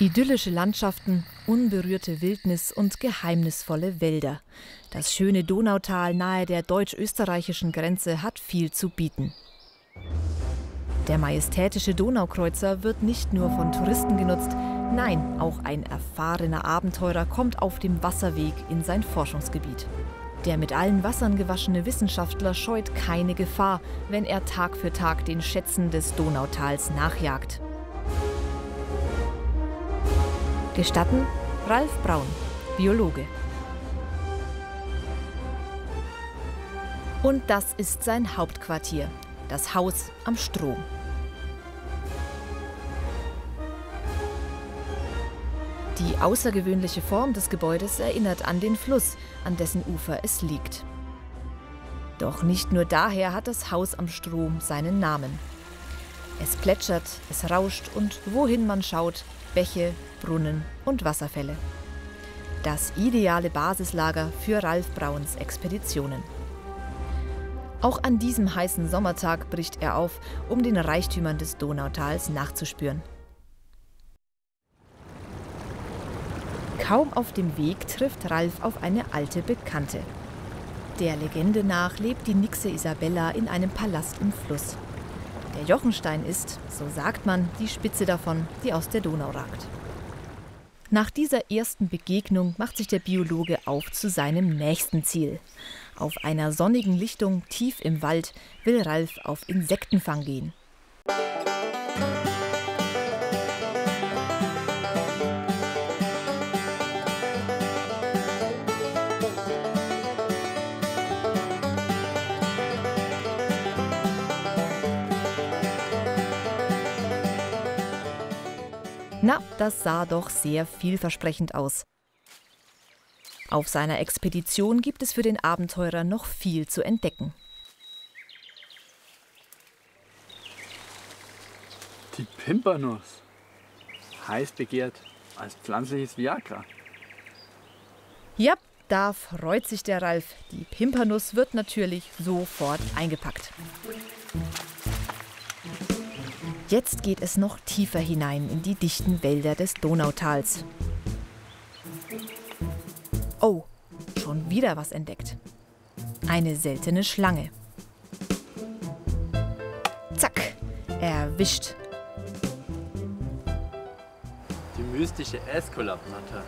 Idyllische Landschaften, unberührte Wildnis und geheimnisvolle Wälder. Das schöne Donautal nahe der deutsch-österreichischen Grenze hat viel zu bieten. Der majestätische Donaukreuzer wird nicht nur von Touristen genutzt, nein, auch ein erfahrener Abenteurer kommt auf dem Wasserweg in sein Forschungsgebiet. Der mit allen Wassern gewaschene Wissenschaftler scheut keine Gefahr, wenn er Tag für Tag den Schätzen des Donautals nachjagt. Gestatten Ralf Braun, Biologe. Und das ist sein Hauptquartier, das Haus am Strom. Die außergewöhnliche Form des Gebäudes erinnert an den Fluss, an dessen Ufer es liegt. Doch nicht nur daher hat das Haus am Strom seinen Namen. Es plätschert, es rauscht und wohin man schaut, Bäche, Brunnen und Wasserfälle. Das ideale Basislager für Ralf Brauns Expeditionen. Auch an diesem heißen Sommertag bricht er auf, um den Reichtümern des Donautals nachzuspüren. Kaum auf dem Weg trifft Ralf auf eine alte Bekannte. Der Legende nach lebt die Nixe Isabella in einem Palast im Fluss. Der Jochenstein ist, so sagt man, die Spitze davon, die aus der Donau ragt. Nach dieser ersten Begegnung macht sich der Biologe auf zu seinem nächsten Ziel. Auf einer sonnigen Lichtung tief im Wald will Ralf auf Insektenfang gehen. Na, das sah doch sehr vielversprechend aus. Auf seiner Expedition gibt es für den Abenteurer noch viel zu entdecken. Die Pimpernuss. Heiß begehrt als pflanzliches Viagra. Ja, da freut sich der Ralf. Die Pimpernuss wird natürlich sofort eingepackt. Jetzt geht es noch tiefer hinein in die dichten Wälder des Donautals. Oh, schon wieder was entdeckt. Eine seltene Schlange. Zack, erwischt. Die mystische Äskulapnatter.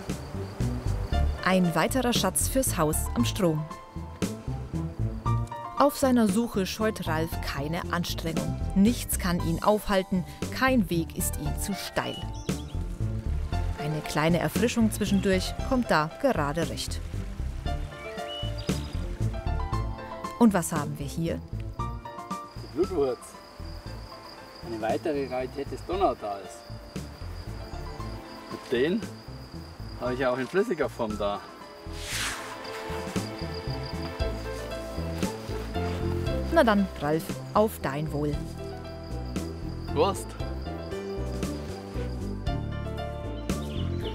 Ein weiterer Schatz fürs Haus am Strom. Auf seiner Suche scheut Ralf keine Anstrengung. Nichts kann ihn aufhalten, kein Weg ist ihm zu steil. Eine kleine Erfrischung zwischendurch kommt da gerade recht. Und was haben wir hier? Blutwurz. Eine weitere Rarität des Donautals. Mit denen habe ich auch in flüssiger Form da. Na dann, Ralf, auf dein Wohl. Wurst.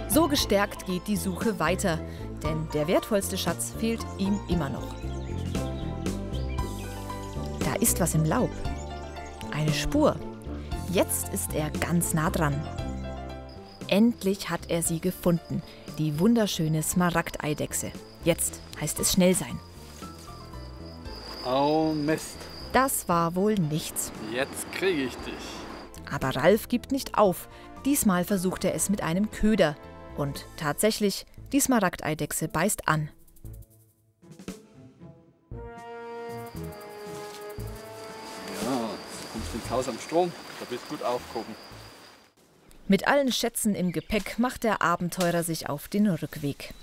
So gestärkt geht die Suche weiter, denn der wertvollste Schatz fehlt ihm immer noch. Da ist was im Laub. Eine Spur. Jetzt ist er ganz nah dran. Endlich hat er sie gefunden, die wunderschöne Smaragdeidechse. Jetzt heißt es schnell sein. Oh Mist. Das war wohl nichts. Jetzt kriege ich dich. Aber Ralf gibt nicht auf. Diesmal versucht er es mit einem Köder. Und tatsächlich, die Smaragdeidechse beißt an. Ja, du kommst ins Haus am Strom. Da bist gut aufgehoben. Mit allen Schätzen im Gepäck macht der Abenteurer sich auf den Rückweg.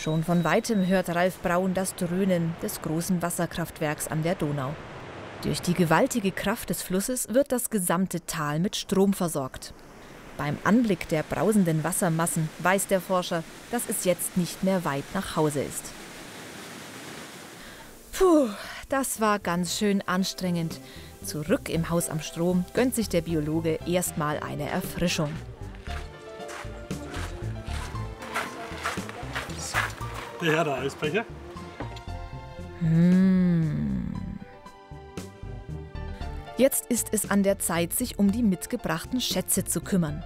Schon von weitem hört Ralf Braun das Dröhnen des großen Wasserkraftwerks an der Donau. Durch die gewaltige Kraft des Flusses wird das gesamte Tal mit Strom versorgt. Beim Anblick der brausenden Wassermassen weiß der Forscher, dass es jetzt nicht mehr weit nach Hause ist. Puh, das war ganz schön anstrengend. Zurück im Haus am Strom gönnt sich der Biologe erstmal eine Erfrischung. Der Herr der Eisbecher. Hm. Jetzt ist es an der Zeit, sich um die mitgebrachten Schätze zu kümmern.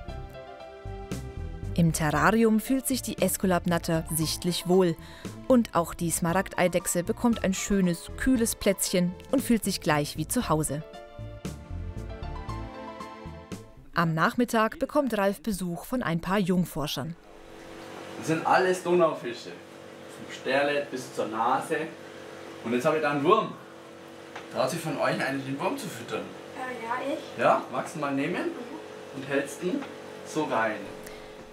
Im Terrarium fühlt sich die Esculapnatter sichtlich wohl. Und auch die Smaragdeidechse bekommt ein schönes, kühles Plätzchen und fühlt sich gleich wie zu Hause. Am Nachmittag bekommt Ralf Besuch von ein paar Jungforschern. Das sind alles Donaufische vom Sterle bis zur Nase. Und jetzt habe ich da einen Wurm. Traut sich von euch einen, den Wurm zu füttern? Äh, ja, ich. Ja, magst du mal nehmen mhm. und hältst ihn so rein.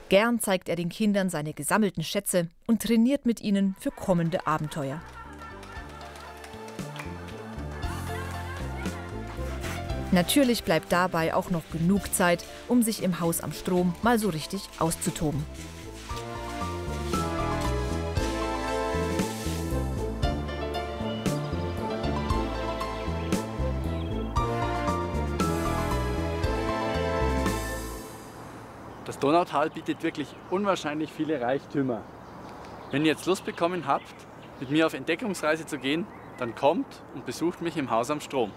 Gern zeigt er den Kindern seine gesammelten Schätze und trainiert mit ihnen für kommende Abenteuer. Natürlich bleibt dabei auch noch genug Zeit, um sich im Haus am Strom mal so richtig auszutoben. Das Donautal bietet wirklich unwahrscheinlich viele Reichtümer. Wenn ihr jetzt Lust bekommen habt, mit mir auf Entdeckungsreise zu gehen, dann kommt und besucht mich im Haus am Strom.